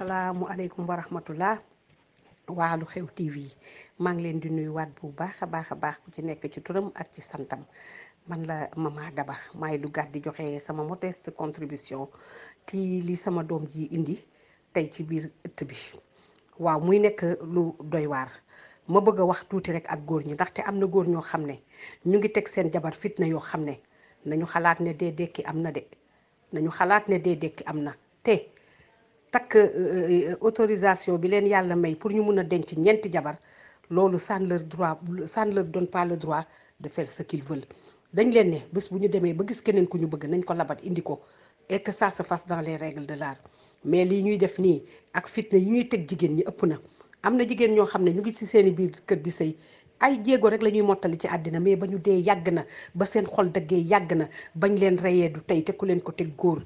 salaamu aleykum rahmatullah waa Lu Xew TV maa ngi leen di nuyu waat bu baax a baax a baax ku ci nekk ci turam ak ci santam man la Mama Daba maay duggaat di joxe sama modeste contribution ci li sama doom ji indi tey ci biir ëtt bi waaw muy nekk lu doy waar ma bëgg a wax tuuti rek ak góor ñi ndaxte am na góor ñoo xam ne ñu ngi teg seen jabar fitna yoo xam ne nañu xalaat ne dee dekki am na de nañu xalaat ne dee dekki am na te takk euh, euh, autorisation bi leen yàlla may pour ñu mun a denc ñeenti jabar loolu ça ne leur droit ça ne leur donne pas le droit de faire ce qu'ils veulent dañ leen ne bés bu ñu demee ba gis keneen ku ñu bëgg nañ ko labat indi ko et que ça se fasse dans les règles de l'art mais lii ñuy def nii ak fitna yi ñuy teg jigéen ñi ëpp na am na jigéen ñoo xam ne ñu ngi ci seeni biir kër di sëy ay jéego rek la ñuy mottali ci àddina mais ba ñu dee yàgg na ba seen xol daggee yàgg na bañ leen reyee du tey te leen ko teg góor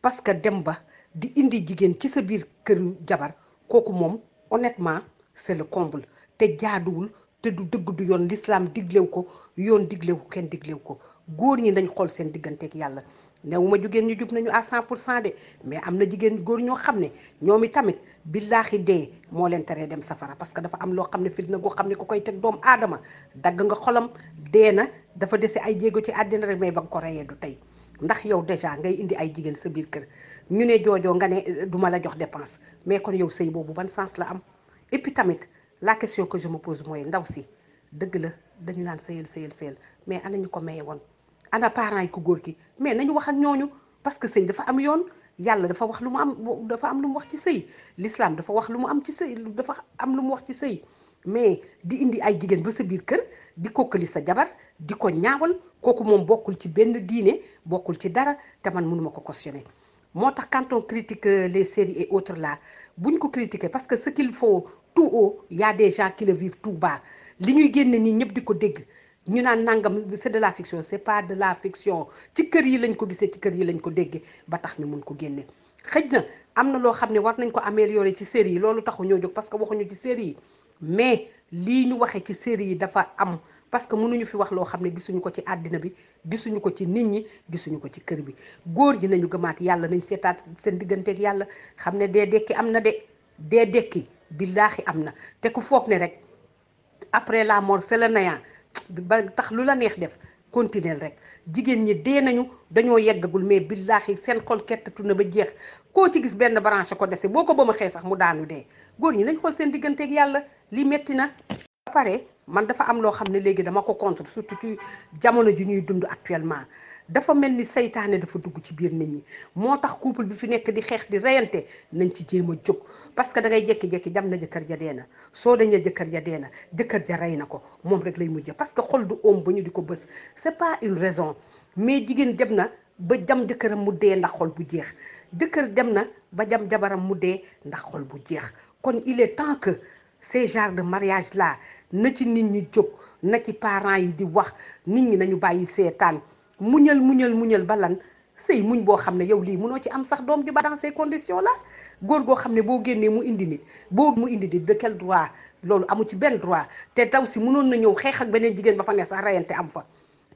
parce que dem ba di indi jigéen ci sa biir këru jabar kooku moom honnêtement c'est le comble te jaaduwul te du dëgg du yoon l'islam diglew ko yoon diglew ko kenn diglew ko góor ñi nañ xool seen digganteeg yàlla newu ma jigéen ñu jub nañu à 100 pour cent de mais am na jigéen góor ñoo xam ne ñoom itamit tamit billaahi dee moo leen teree dem safara parce que dafa am loo xam ne fii fitna goo xam ne ku koy teg doomu aadama dagg nga xolam dee na dafa dese ay jéego ci àddina rek mais ba ko reyee du tey ndax yow déjà ngay indi ay jigéen sa biir kër ñu ne joojoo nga ne euh, duma la jox dépense mais kon yow sëy boobu ban sens la am et puis tamit la question que je me pose mooy ndaw si dëgg la dañu naan sëyal sëyal sëyal mais ana ñu ko maye woon ana parents yi ku góor ki mais nañu wax ak ñooñu parce que sëy dafa am yoon yàlla dafa wax lu mu am dafa am lu mu wax ci sëy lislaam dafa wax lu mu am ci sëy dafa am lu mu wax ci sëy mais di indi ay jigéen ba sa biir kër di kokkali sa jabar di ko ñaawal kooku moom bokkul ci benn diine bokkul ci dara te man mënuma ko cautionner moo tax quand critique euh, les séries et autres là buñ ko critiquer parce que ce qu'il faut tout haut y a des gens qui tout bas li ñuy génne nii ñëpp di ko dégg ñu naan nangam c'est de la fiction c'est pas de la fiction ci kër yi lañ ko gisee ci kër yi lañ ko déggee ba tax ñu mun ko génne xëj na am na loo xam ne war nañ ko améliorer ci série yi loolu taxu ñoo jóg parce que waxuñu ci série yi mais lii ñu waxee ci série yi dafa am parce que mënuñu fi wax loo xam ne gisuñu ko ci àddina bi gisuñu ko ci nit ñi gisuñu ko ci kër bi góor ji nañu gëmaat yàlla nañu seetaat seen digganteeg yàlla xam ne dee dekki am na de dee dekki billaahi am na te ku foog ne rek après la mort c'est le ba tax lu la neex def continuer rek jigéen ñi dee nañu dañoo yeggagul mais billaahi seen xol kettatu na ba jeex koo ci gis benn branche ko dese boo ko ba ma xee sax mu daanu dee góor ñi nañ xool seen digganteeg yàlla li metti na man dafa am loo xam ne léegi dama ko contre surtout ci jamono ji ñuy dund actuellement dafa mel ni saytaane dafa dugg ci biir nit ñi moo tax couple bi fi nekk di xeex di reyante nañ ci jéem a jóg parce que da ngay jékki-jékki jam na jëkkër ja dee na soo daña jëkkër ja dee na jëkkër ja rey na ko moom rek lay mujjee parce que xol du oom ba ñu di ko bës c'est pas une raison mais jigéen dem na ba jam jëkkëram mu dee ndax xol bu jeex jëkkër dem na ba jam jabaram mu dee ndax xol bu jeex kon il est que ces genres de mariage la na ci nit ñi jóg na ci parents yi di wax nit ñi nañu bàyyi seetaan muñal muñal muñal ba lan sëy muñ boo xam ne yow lii munoo ci am sax doom ju ba dans ces conditions là góor goo xam ne boo génnee mu indi nit boo mu indi nit de quel droit loolu amu ci benn droit te daw si mënoon na ñëw xeex ak beneen jigéen ba fa ne sax rayante am fa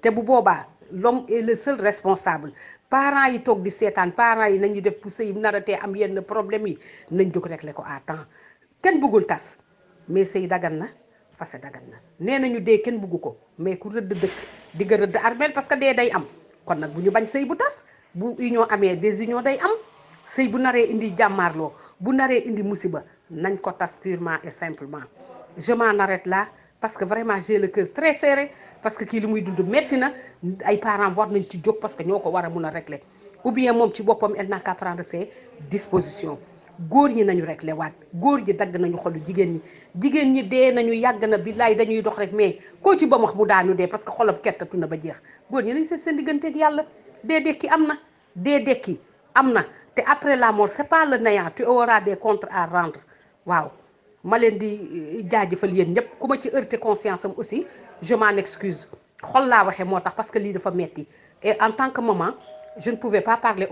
te bu boobaa l'homme est le seul responsable parents yi toog di seetaan parent yi nañu def pour sëy naratee am yenn problème yi nañ jóg régler ko à temps kenn bëggul tas mais sëy dagan na fase dagan na nee nañu dee kenn buggu ko mais ku rëdd dëkk di nga rëdd armeel parce que dee day am kon nag bu ñu bañ sëy bu tas bu union amee des désunion day am sëy bu naree indi jàmmaarloo bu naree indi musiba nañ ko tas purement et simplement je m'en la là parce que vraiment j'ai le cœur très serré parce que kii lu muy dund metti na ay parent war nañ ci jóg parce que ñoo ko war a mun a régler ou bien moom ci boppam elle n'a qu'à prendre ses dispositions góor ñi nañu réglé waat góor ñi dagg nañu xolu jigéen ñi jigéen ñi dee nañu yàgg na billaay dañuy dox rek mais koo ci ba wax mu daanu dee parce que xolab kettatu na ba jeex góor ñi nañ seet seen digganteeg yàlla dee dekki am na dee dekki am na te après la mort c'est pas le néant tu auras des comptes à rendre waaw ma leen di euh, jaajëfal yéen ñëpp ku ma ci heurté conscience am aussi je m'en excuse xol laa waxee moo tax parce que lii dafa metti et en tant que maman je ne pouvais pas parler